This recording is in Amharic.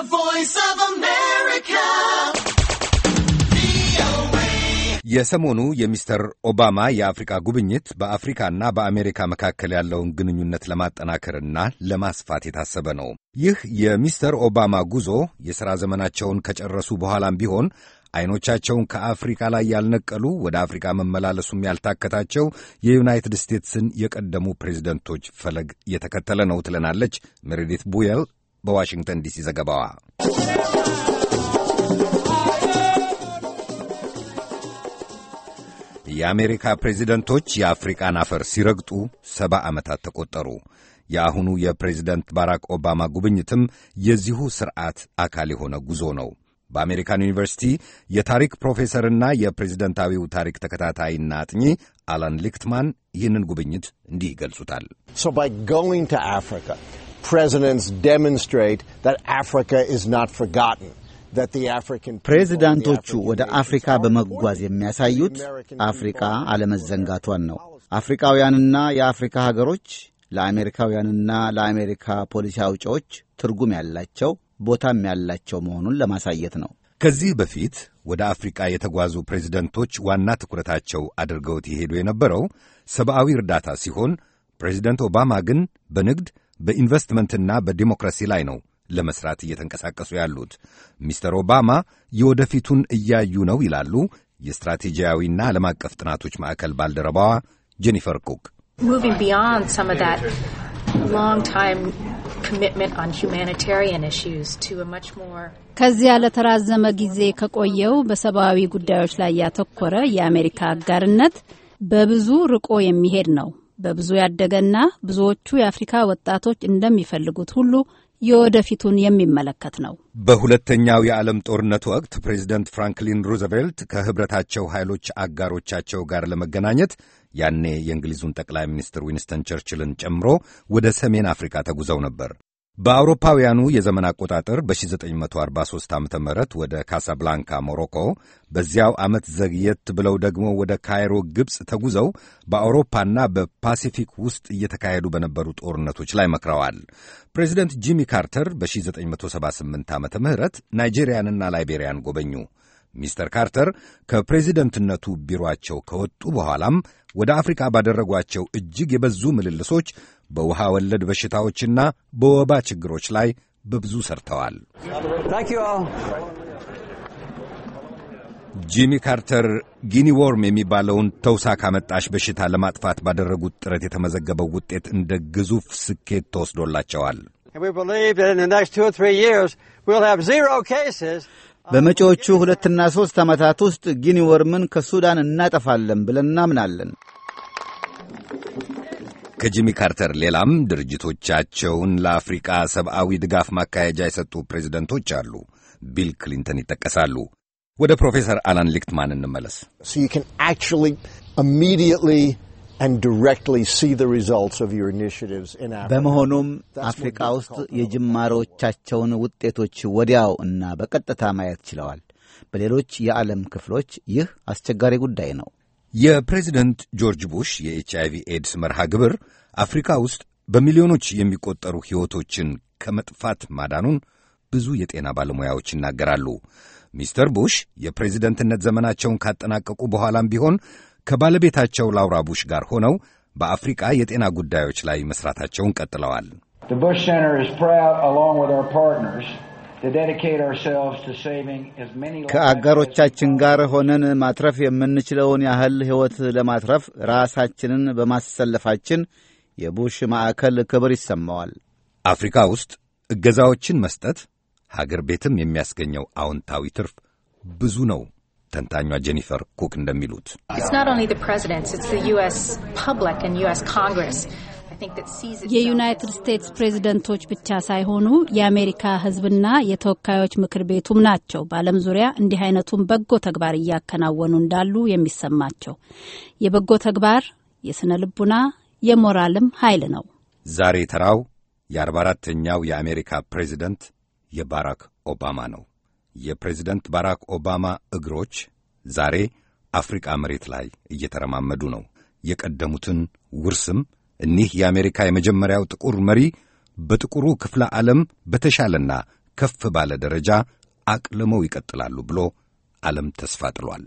The Voice of America. የሰሞኑ የሚስተር ኦባማ የአፍሪካ ጉብኝት በአፍሪካና በአሜሪካ መካከል ያለውን ግንኙነት ለማጠናከርና ለማስፋት የታሰበ ነው። ይህ የሚስተር ኦባማ ጉዞ የሥራ ዘመናቸውን ከጨረሱ በኋላም ቢሆን አይኖቻቸውን ከአፍሪካ ላይ ያልነቀሉ ወደ አፍሪካ መመላለሱም ያልታከታቸው የዩናይትድ ስቴትስን የቀደሙ ፕሬዚደንቶች ፈለግ የተከተለ ነው ትለናለች ሜሬዲት ቡየል በዋሽንግተን ዲሲ ዘገባዋ። የአሜሪካ ፕሬዚደንቶች የአፍሪቃን አፈር ሲረግጡ ሰባ ዓመታት ተቆጠሩ። የአሁኑ የፕሬዚደንት ባራክ ኦባማ ጉብኝትም የዚሁ ሥርዓት አካል የሆነ ጉዞ ነው። በአሜሪካን ዩኒቨርሲቲ የታሪክ ፕሮፌሰርና የፕሬዝደንታዊው ታሪክ ተከታታይና አጥኚ አላን ሊክትማን ይህንን ጉብኝት እንዲህ ይገልጹታል። ፕሬዚዳንቶቹ ወደ አፍሪካ በመጓዝ የሚያሳዩት አፍሪካ አለመዘንጋቷን ነው። አፍሪካውያንና የአፍሪካ ሀገሮች ለአሜሪካውያንና ለአሜሪካ ፖሊሲ አውጪዎች ትርጉም ያላቸው ቦታም ያላቸው መሆኑን ለማሳየት ነው። ከዚህ በፊት ወደ አፍሪቃ የተጓዙ ፕሬዚደንቶች ዋና ትኩረታቸው አድርገውት የሄዱ የነበረው ሰብአዊ እርዳታ ሲሆን ፕሬዚደንት ኦባማ ግን በንግድ በኢንቨስትመንትና በዲሞክራሲ ላይ ነው ለመስራት እየተንቀሳቀሱ ያሉት። ሚስተር ኦባማ የወደፊቱን እያዩ ነው ይላሉ የስትራቴጂያዊና ዓለም አቀፍ ጥናቶች ማዕከል ባልደረባዋ ጄኒፈር ኩክ። ከዚያ ለተራዘመ ጊዜ ከቆየው በሰብአዊ ጉዳዮች ላይ ያተኮረ የአሜሪካ አጋርነት በብዙ ርቆ የሚሄድ ነው። በብዙ ያደገና ብዙዎቹ የአፍሪካ ወጣቶች እንደሚፈልጉት ሁሉ የወደፊቱን የሚመለከት ነው። በሁለተኛው የዓለም ጦርነት ወቅት ፕሬዚደንት ፍራንክሊን ሩዘቬልት ከህብረታቸው ኃይሎች አጋሮቻቸው ጋር ለመገናኘት ያኔ የእንግሊዙን ጠቅላይ ሚኒስትር ዊንስተን ቸርችልን ጨምሮ ወደ ሰሜን አፍሪካ ተጉዘው ነበር። በአውሮፓውያኑ የዘመን አቆጣጠር በ1943 ዓ ም ወደ ካሳብላንካ ሞሮኮ፣ በዚያው ዓመት ዘግየት ብለው ደግሞ ወደ ካይሮ ግብፅ ተጉዘው በአውሮፓና በፓሲፊክ ውስጥ እየተካሄዱ በነበሩ ጦርነቶች ላይ መክረዋል። ፕሬዚደንት ጂሚ ካርተር በ1978 ዓ ም ናይጄሪያንና ላይቤሪያን ጎበኙ። ሚስተር ካርተር ከፕሬዚደንትነቱ ቢሮአቸው ከወጡ በኋላም ወደ አፍሪካ ባደረጓቸው እጅግ የበዙ ምልልሶች በውሃ ወለድ በሽታዎችና በወባ ችግሮች ላይ በብዙ ሰርተዋል። ጂሚ ካርተር ጊኒ ዎርም የሚባለውን ተውሳክ አመጣሽ በሽታ ለማጥፋት ባደረጉት ጥረት የተመዘገበው ውጤት እንደ ግዙፍ ስኬት ተወስዶላቸዋል። በመጪዎቹ ሁለትና ሦስት ዓመታት ውስጥ ጊኒ ወርምን ከሱዳን እናጠፋለን ብለን እናምናለን። ከጂሚ ካርተር ሌላም ድርጅቶቻቸውን ለአፍሪቃ ሰብአዊ ድጋፍ ማካሄጃ የሰጡ ፕሬዚደንቶች አሉ። ቢል ክሊንተን ይጠቀሳሉ። ወደ ፕሮፌሰር አላን ሊክትማን እንመለስ። በመሆኑም አፍሪካ ውስጥ የጅማሮቻቸውን ውጤቶች ወዲያው እና በቀጥታ ማየት ችለዋል። በሌሎች የዓለም ክፍሎች ይህ አስቸጋሪ ጉዳይ ነው። የፕሬዚደንት ጆርጅ ቡሽ የኤች ቪ ኤድስ መርሃ ግብር አፍሪካ ውስጥ በሚሊዮኖች የሚቆጠሩ ሕይወቶችን ከመጥፋት ማዳኑን ብዙ የጤና ባለሙያዎች ይናገራሉ። ሚስተር ቡሽ የፕሬዚደንትነት ዘመናቸውን ካጠናቀቁ በኋላም ቢሆን ከባለቤታቸው ላውራ ቡሽ ጋር ሆነው በአፍሪቃ የጤና ጉዳዮች ላይ መስራታቸውን ቀጥለዋል። ከአጋሮቻችን ጋር ሆነን ማትረፍ የምንችለውን ያህል ሕይወት ለማትረፍ ራሳችንን በማሰለፋችን የቡሽ ማዕከል ክብር ይሰማዋል። አፍሪካ ውስጥ እገዛዎችን መስጠት ሀገር ቤትም የሚያስገኘው አዎንታዊ ትርፍ ብዙ ነው። ተንታኟ ጄኒፈር ኩክ እንደሚሉት የዩናይትድ ስቴትስ ፕሬዝደንቶች ብቻ ሳይሆኑ የአሜሪካ ሕዝብና የተወካዮች ምክር ቤቱም ናቸው በዓለም ዙሪያ እንዲህ አይነቱን በጎ ተግባር እያከናወኑ እንዳሉ የሚሰማቸው። የበጎ ተግባር የሥነ ልቡና የሞራልም ኃይል ነው። ዛሬ ተራው የአርባ አራተኛው የአሜሪካ ፕሬዝደንት የባራክ ኦባማ ነው። የፕሬዚደንት ባራክ ኦባማ እግሮች ዛሬ አፍሪቃ መሬት ላይ እየተረማመዱ ነው። የቀደሙትን ውርስም እኒህ የአሜሪካ የመጀመሪያው ጥቁር መሪ በጥቁሩ ክፍለ ዓለም በተሻለና ከፍ ባለ ደረጃ አቅልመው ይቀጥላሉ ብሎ ዓለም ተስፋ ጥሏል።